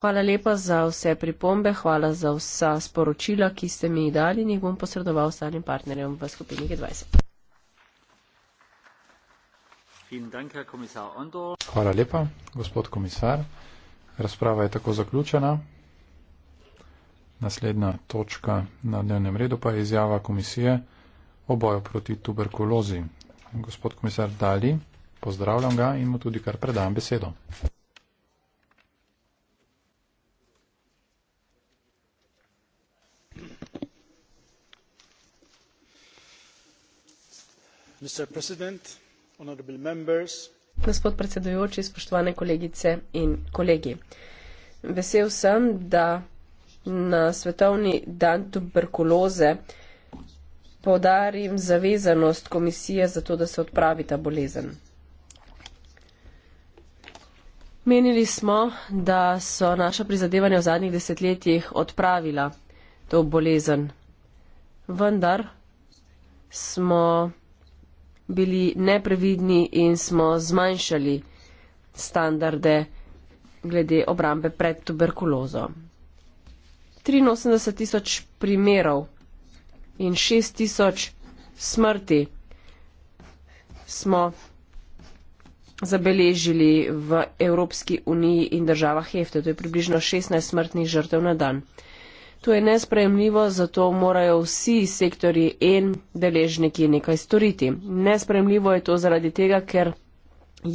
Hvala lepa za vse pripombe, hvala za vsa sporočila, ki ste mi jih dali in jih bom posredoval ostalim partnerjem v skupini G20. Hvala lepa, gospod komisar. Razprava je tako zaključena. Naslednja točka na dnevnem redu pa je izjava komisije o boju proti tuberkulozi. Gospod komisar Dali, pozdravljam ga in mu tudi kar predam besedo. Gospod predsedujoči, spoštovane kolegice in kolegi. Vesel sem, da na svetovni dan tuberkuloze podarim zavezanost komisije za to, da se odpravi ta bolezen. Menili smo, da so naša prizadevanja v zadnjih desetletjih odpravila to bolezen. Vendar smo bili neprevidni in smo zmanjšali standarde glede obrambe pred tuberkulozo. 83 tisoč primerov in 6 tisoč smrti smo zabeležili v Evropski uniji in državah Hefte. To je približno 16 smrtnih žrtev na dan. To je nespremljivo, zato morajo vsi sektori in deležniki nekaj storiti. Nespremljivo je to zaradi tega, ker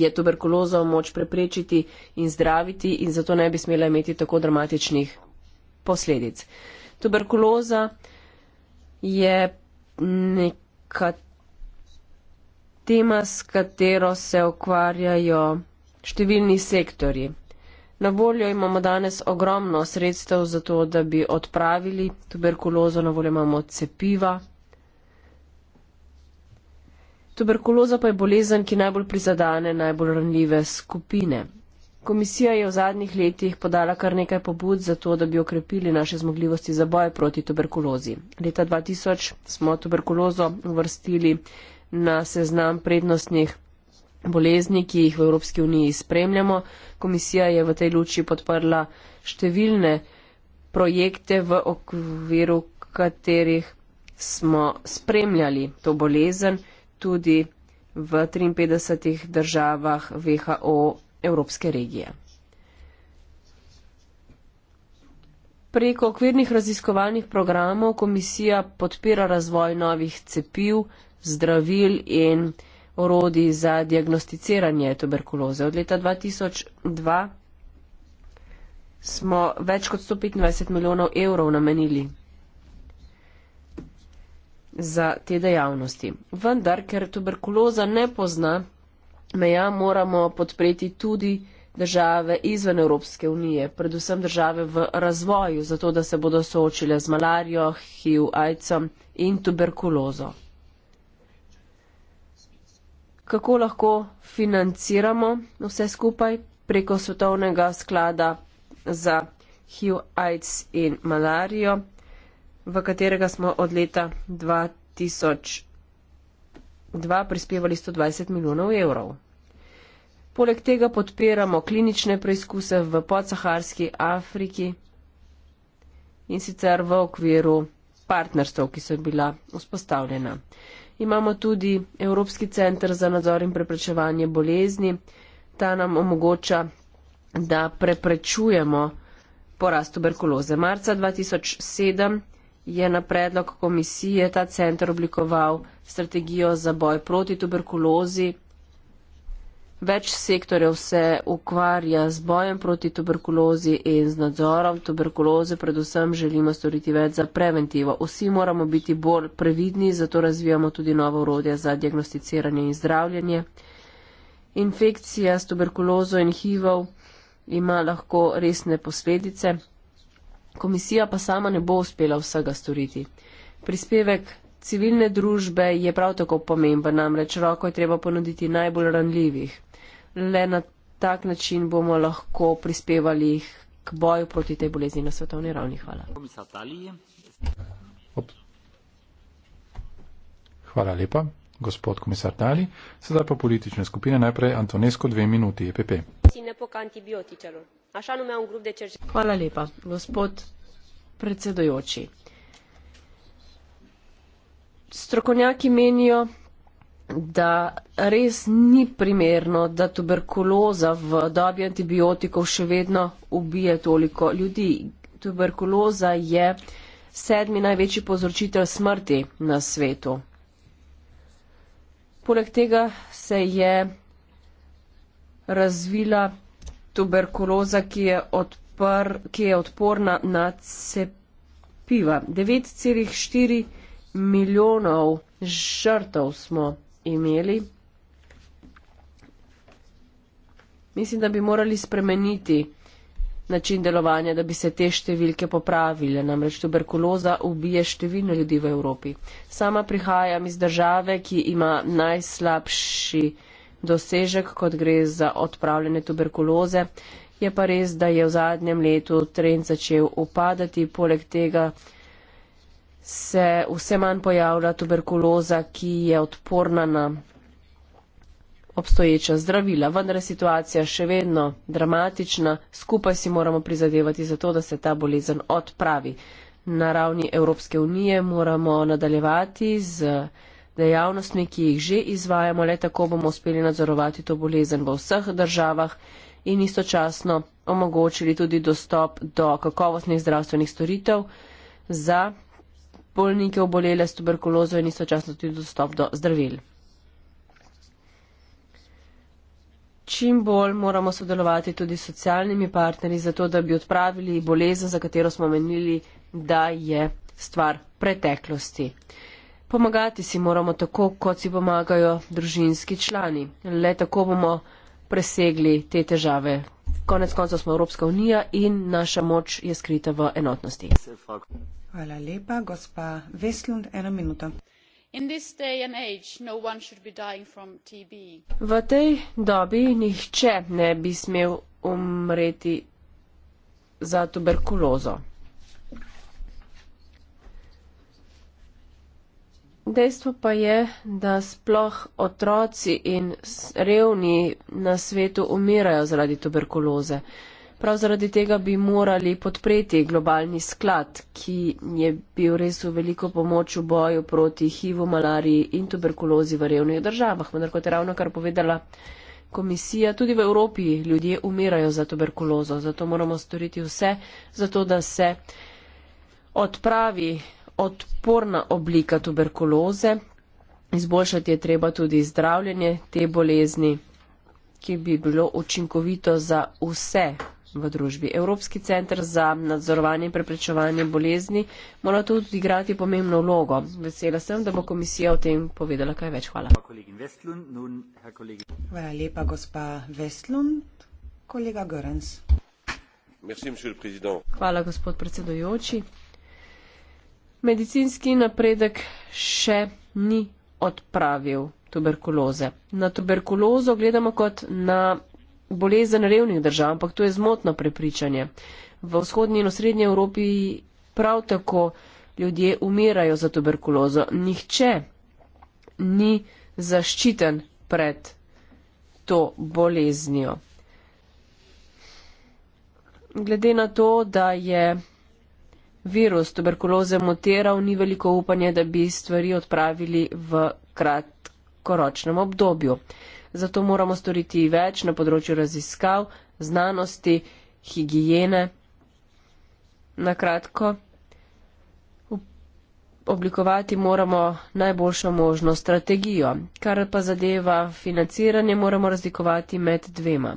je tuberkulozo moč preprečiti in zdraviti in zato ne bi smela imeti tako dramatičnih posledic. Tuberkuloza je neka tema, s katero se ukvarjajo številni sektori. Na voljo imamo danes ogromno sredstev za to, da bi odpravili tuberkulozo, na voljo imamo cepiva. Tuberkuloza pa je bolezen, ki najbolj prizadane najbolj ranljive skupine. Komisija je v zadnjih letih podala kar nekaj pobud za to, da bi okrepili naše zmogljivosti za boj proti tuberkulozi. Leta 2000 smo tuberkulozo uvrstili na seznam prednostnih bolezni, ki jih v Evropski uniji spremljamo. Komisija je v tej luči podprla številne projekte, v okviru katerih smo spremljali to bolezen tudi v 53 državah WHO Evropske regije. Preko okvirnih raziskovalnih programov komisija podpira razvoj novih cepiv, zdravil in orodij za diagnosticiranje tuberkuloze. Od leta 2002 smo več kot 125 milijonov evrov namenili za te dejavnosti. Vendar, ker tuberkuloza ne pozna meja, moramo podpreti tudi države izven Evropske unije, predvsem države v razvoju, zato da se bodo soočile z malarijo, HIV, AIDS-om in tuberkulozo kako lahko financiramo vse skupaj preko svetovnega sklada za HIV, AIDS in malarijo, v katerega smo od leta 2002 prispevali 120 milijonov evrov. Poleg tega podpiramo klinične preizkuse v podsaharski Afriki in sicer v okviru partnerstv, ki so bila vzpostavljena imamo tudi Evropski centr za nadzor in preprečevanje bolezni. Ta nam omogoča, da preprečujemo porast tuberkuloze. Marca 2007 je na predlog komisije ta centr oblikoval strategijo za boj proti tuberkulozi. Več sektorjev se ukvarja z bojem proti tuberkulozi in z nadzorom tuberkuloze, predvsem želimo storiti več za preventivo. Vsi moramo biti bolj previdni, zato razvijamo tudi nove urodja za diagnosticiranje in zdravljanje. Infekcija s tuberkulozo in HIV-ov ima lahko resne posledice, komisija pa sama ne bo uspela vsega storiti. Prispevek civilne družbe je prav tako pomemben, namreč roko je treba ponuditi najbolj ranljivih. Le na tak način bomo lahko prispevali k boju proti tej bolezni na svetovni ravni. Hvala. Hvala lepa, gospod komisar Dali. Sedaj pa politične skupine, najprej Antonesko, dve minuti, EPP. Hvala lepa, gospod predsedojoči strokovnjaki menijo, da res ni primerno, da tuberkuloza v dobi antibiotikov še vedno ubije toliko ljudi. Tuberkuloza je sedmi največji povzročitelj smrti na svetu. Poleg tega se je razvila tuberkuloza, ki je, odpr, ki je odporna na cepiva. 9,4 milijonov žrtev smo imeli. Mislim, da bi morali spremeniti način delovanja, da bi se te številke popravile. Namreč tuberkuloza ubije številne ljudi v Evropi. Sama prihajam iz države, ki ima najslabši dosežek, kot gre za odpravljanje tuberkuloze. Je pa res, da je v zadnjem letu trend začel upadati, poleg tega se vse manj pojavlja tuberkuloza, ki je odporna na obstoječa zdravila. Vendar je situacija še vedno dramatična, skupaj si moramo prizadevati za to, da se ta bolezen odpravi. Na ravni Evropske unije moramo nadaljevati z dejavnostmi, ki jih že izvajamo, le tako bomo uspeli nadzorovati to bolezen v vseh državah in istočasno omogočili tudi dostop do kakovostnih zdravstvenih storitev za bolnike obolele s tuberkulozo in istočasno tudi dostop do zdravil. Čim bolj moramo sodelovati tudi s socialnimi partnerji, zato da bi odpravili bolezen, za katero smo menili, da je stvar preteklosti. Pomagati si moramo tako, kot si pomagajo družinski člani. Le tako bomo presegli te težave, konec koncev smo Evropska unija in naša moč je skrita v enotnosti. Hvala lepa, gospa Veslund, ena minuta. Age, no v tej dobi nihče ne bi smel umreti za tuberkulozo. Dejstvo pa je, da sploh otroci in revni na svetu umirajo zaradi tuberkuloze. Prav zaradi tega bi morali podpreti globalni sklad, ki je bil res v veliko pomoč v boju proti HIV-u, malariji in tuberkulozi v revnih državah. Vendar, kot je ravno kar povedala komisija, tudi v Evropi ljudje umirajo za tuberkulozo. Zato moramo storiti vse, zato da se odpravi odporna oblika tuberkuloze. Izboljšati je treba tudi zdravljenje te bolezni, ki bi bilo učinkovito za vse v družbi. Evropski centr za nadzorovanje in preprečevanje bolezni mora tudi igrati pomembno vlogo. Vesela sem, da bo komisija o tem povedala kaj več. Hvala. Hvala lepa, gospa Vestlund. Kolega Görens. Hvala, gospod predsedujoči medicinski napredek še ni odpravil tuberkuloze. Na tuberkulozo gledamo kot na bolezen revnih držav, ampak to je zmotno prepričanje. V vzhodnji in osrednji Evropi prav tako ljudje umirajo za tuberkulozo. Nihče ni zaščiten pred to boleznijo. Glede na to, da je virus tuberkuloze mutiral, ni veliko upanja, da bi stvari odpravili v kratkoročnem obdobju. Zato moramo storiti več na področju raziskav, znanosti, higijene. Na kratko, oblikovati moramo najboljšo možno strategijo, kar pa zadeva financiranje, moramo razlikovati med dvema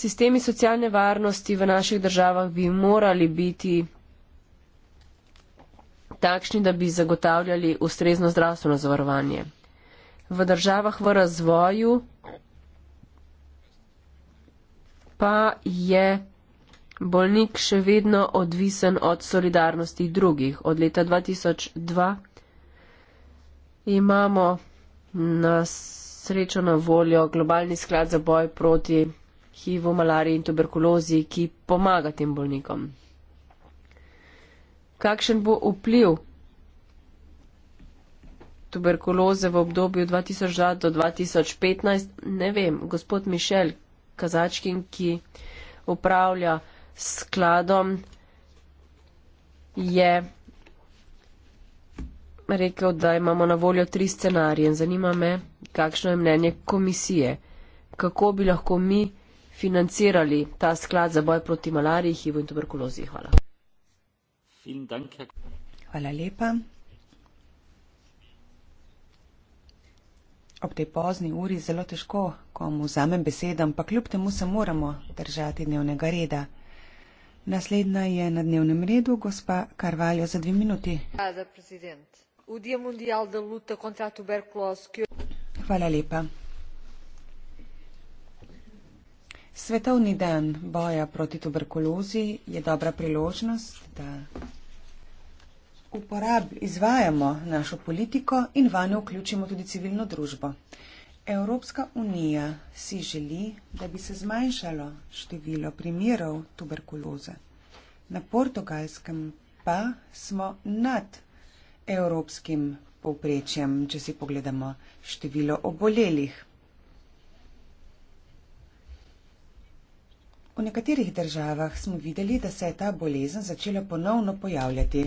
sistemi socialne varnosti v naših državah bi morali biti takšni, da bi zagotavljali ustrezno zdravstveno zavarovanje. V državah v razvoju pa je bolnik še vedno odvisen od solidarnosti drugih. Od leta 2002 imamo na srečo na voljo globalni sklad za boj proti HIV-u, malariji in tuberkulozi, ki pomaga tem bolnikom. Kakšen bo vpliv tuberkuloze v obdobju 2002 do 2015, ne vem. Gospod Mišel Kazačkin, ki upravlja skladom, je rekel, da imamo na voljo tri scenarije. Zanima me, kakšno je mnenje komisije. Kako bi lahko mi financirali ta sklad za boj proti malariji, HIV in tuberkulozi. Hvala. Hvala lepa. Ob tej pozni uri zelo težko, ko mu vzamem besedam, pa kljub temu se moramo držati dnevnega reda. Naslednja je na dnevnem redu gospa Karvaljo za dve minuti. Hvala lepa. Svetovni dan boja proti tuberkulozi je dobra priložnost, da uporab, izvajamo našo politiko in vanjo vključimo tudi civilno družbo. Evropska unija si želi, da bi se zmanjšalo število primerov tuberkuloze. Na portugalskem pa smo nad evropskim povprečjem, če si pogledamo število obolelih. V nekaterih državah smo videli, da se je ta bolezen začela ponovno pojavljati.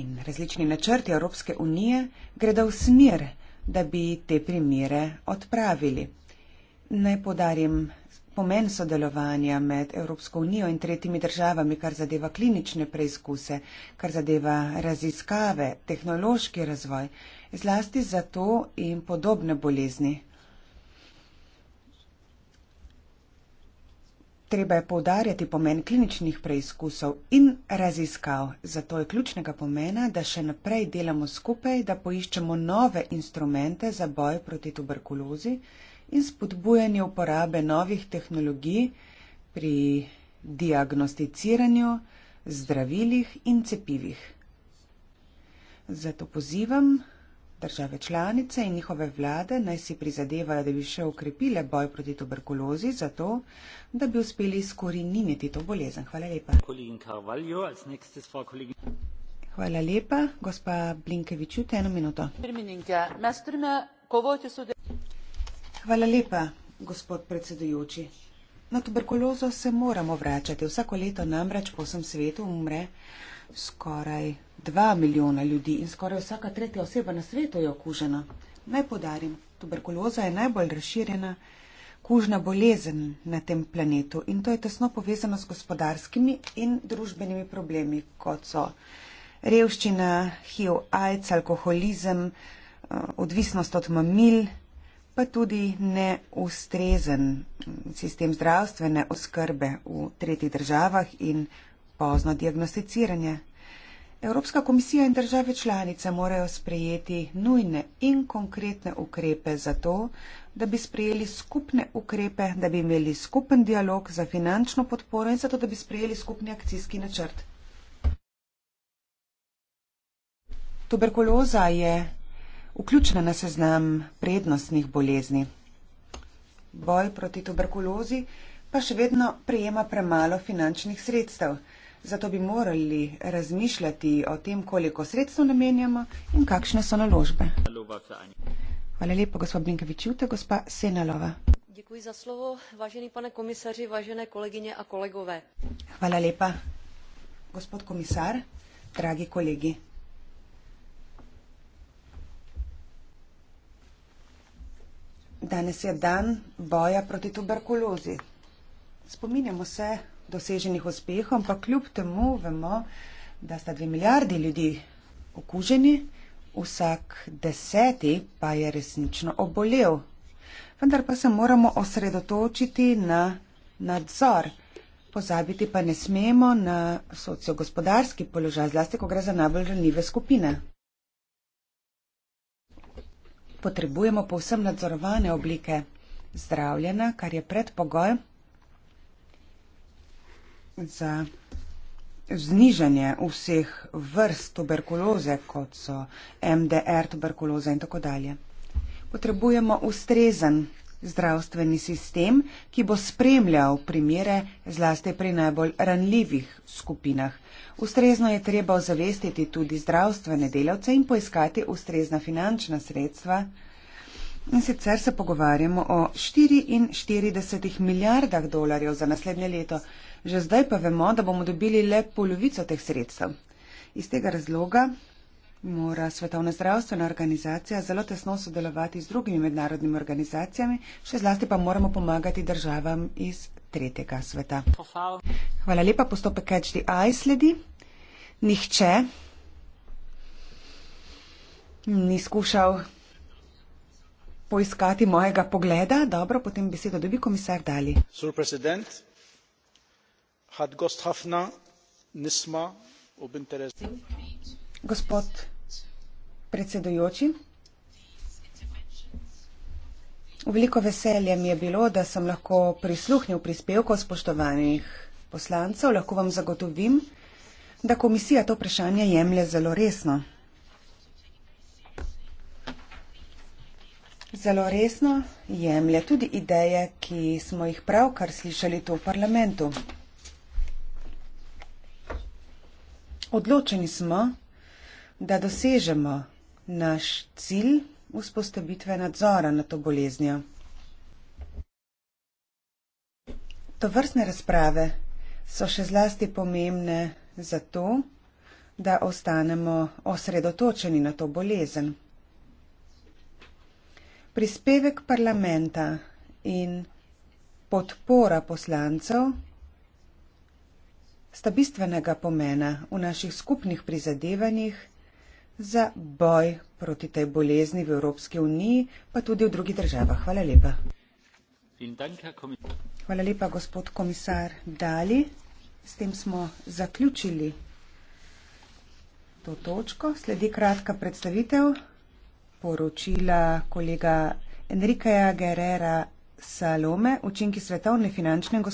In različni načrti Evropske unije gredo v smer, da bi te primere odpravili. Naj podarim pomen sodelovanja med Evropsko unijo in tretjimi državami, kar zadeva klinične preizkuse, kar zadeva raziskave, tehnološki razvoj, zlasti za to in podobne bolezni. Treba je povdarjati pomen kliničnih preizkusov in raziskav. Zato je ključnega pomena, da še naprej delamo skupaj, da poiščemo nove instrumente za boj proti tuberkulozi in spodbujanje uporabe novih tehnologij pri diagnosticiranju, zdravilih in cepivih. Zato pozivam Države članice in njihove vlade naj si prizadevajo, da bi še ukrepile boj proti tuberkulozi, zato da bi uspeli skoriniti to bolezen. Hvala lepa. Hvala lepa, gospa Blinkevič, v eno minuto. Hvala lepa, gospod predsedujoči. Na tuberkulozo se moramo vračati. Vsako leto namreč po vsem svetu umre skoraj 2 milijona ljudi in skoraj vsaka tretja oseba na svetu je okužena. Naj podarim, tuberkuloza je najbolj razširjena kužna bolezen na tem planetu in to je tesno povezano s gospodarskimi in družbenimi problemi, kot so revščina, HIV, AIDS, alkoholizem, eh, odvisnost od mamil, pa tudi neustrezen mm, sistem zdravstvene oskrbe v tretjih državah in pozno diagnosticiranje. Evropska komisija in države članice morajo sprejeti nujne in konkretne ukrepe za to, da bi sprejeli skupne ukrepe, da bi imeli skupen dialog za finančno podporo in zato, da bi sprejeli skupni akcijski načrt. Tuberkuloza je vključena na seznam prednostnih bolezni. Boj proti tuberkulozi pa še vedno prejema premalo finančnih sredstev. Zato bi morali razmišljati o tem, koliko sredstv namenjamo in kakšne so naložbe. Hvala lepa, gospod Binkovič Jute, gospa Senalova. Děkuji za slovo, vážený pane komisaři, vážené kolegyně a kolegové. Hvala lepa, gospod komisar, dragi kolegi. Danes je dan boja proti tuberkulozi. Spominjamo se doseženih uspehov, ampak kljub temu vemo, da sta dve milijardi ljudi okuženi, vsak deseti pa je resnično obolel. Vendar pa se moramo osredotočiti na nadzor. Pozabiti pa ne smemo na sociogospodarski položaj, zlasti ko gre za najbolj ranljive skupine. Potrebujemo povsem nadzorovane oblike zdravljena, kar je predpogoj, za znižanje vseh vrst tuberkuloze, kot so MDR, tuberkuloza in tako dalje. Potrebujemo ustrezen zdravstveni sistem, ki bo spremljal primere zlasti pri najbolj ranljivih skupinah. Ustrezno je treba ozavestiti tudi zdravstvene delavce in poiskati ustrezna finančna sredstva. In sicer se pogovarjamo o 44 milijardah dolarjev za naslednje leto. Že zdaj pa vemo, da bomo dobili le polovico teh sredstev. Iz tega razloga mora Svetovna zdravstvena organizacija zelo tesno sodelovati z drugimi mednarodnimi organizacijami, še zlasti pa moramo pomagati državam iz tretjega sveta. Hvala lepa, postopek HDI sledi. Nihče ni skušal poiskati mojega pogleda. Dobro, potem besedo dobi komisar Dali gospod predsedujoči v veliko veselje mi je bilo da sem lahko prisluhnil prispevkov spoštovanih poslancev lahko vam zagotovim da komisija to vprašanje jemlje zelo resno zelo resno jemlje tudi ideje ki smo jih pravkar slišali tu v parlamentu Odločeni smo, da dosežemo naš cilj vzpostavitve nadzora na to boleznjo. To vrstne razprave so še zlasti pomembne zato, da ostanemo osredotočeni na to bolezen. Prispevek parlamenta in podpora poslancev sta bistvenega pomena v naših skupnih prizadevanjih za boj proti tej bolezni v Evropski uniji, pa tudi v drugih državah. Hvala lepa. Hvala lepa, gospod komisar Dali. S tem smo zaključili to točko. Sledi kratka predstavitev poročila kolega Enrikeja Gerera Salome, učinki svetovne finančne gospodarstva.